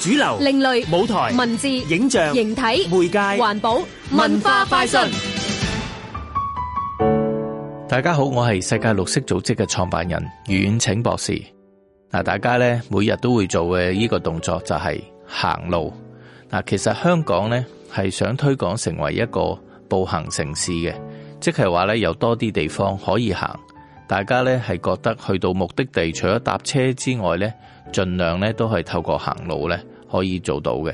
主流、另類舞台、文字、影像、形體、媒介、環保、文化快訊。大家好，我係世界綠色組織嘅創辦人遠騁博士。嗱，大家咧每日都會做嘅呢個動作就係行路。嗱，其實香港咧係想推廣成為一個步行城市嘅，即係話咧有多啲地方可以行。大家咧係覺得去到目的地，除咗搭車之外咧，盡量咧都係透過行路咧可以做到嘅。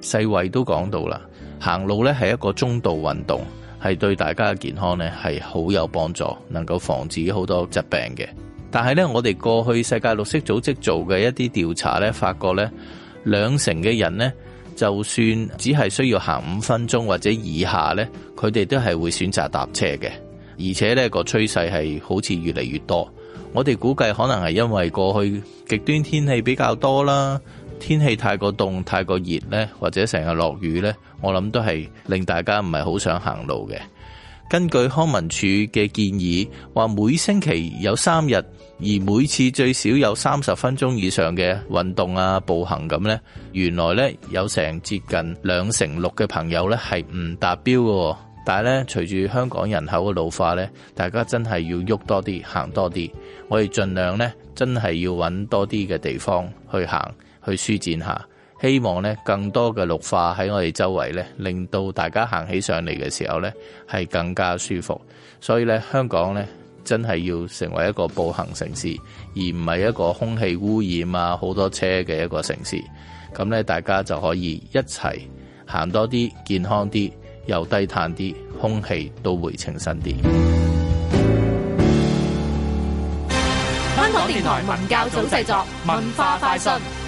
世衛都講到啦，行路咧係一個中度運動，係對大家嘅健康咧係好有幫助，能夠防止好多疾病嘅。但係咧，我哋過去世界綠色組織做嘅一啲調查咧，發覺咧兩成嘅人咧，就算只係需要行五分鐘或者以下咧，佢哋都係會選擇搭車嘅。而且呢個趨勢係好似越嚟越多，我哋估計可能係因為過去極端天氣比較多啦，天氣太過凍太過熱咧，或者成日落雨咧，我諗都係令大家唔係好想行路嘅。根據康文署嘅建議，話每星期有三日，而每次最少有三十分鐘以上嘅運動啊步行咁咧，原來咧有成接近兩成六嘅朋友咧係唔達標嘅。但係咧，隨住香港人口嘅老化咧，大家真係要喐多啲，行多啲。我哋盡量咧，真係要揾多啲嘅地方去行，去舒展下。希望咧，更多嘅綠化喺我哋周圍咧，令到大家行起上嚟嘅時候咧，係更加舒服。所以咧，香港咧，真係要成為一個步行城市，而唔係一個空氣污染啊、好多車嘅一個城市。咁咧，大家就可以一齊行多啲，健康啲。又低碳啲，空氣都會清新啲。香港電台文教組製作，文化快訊。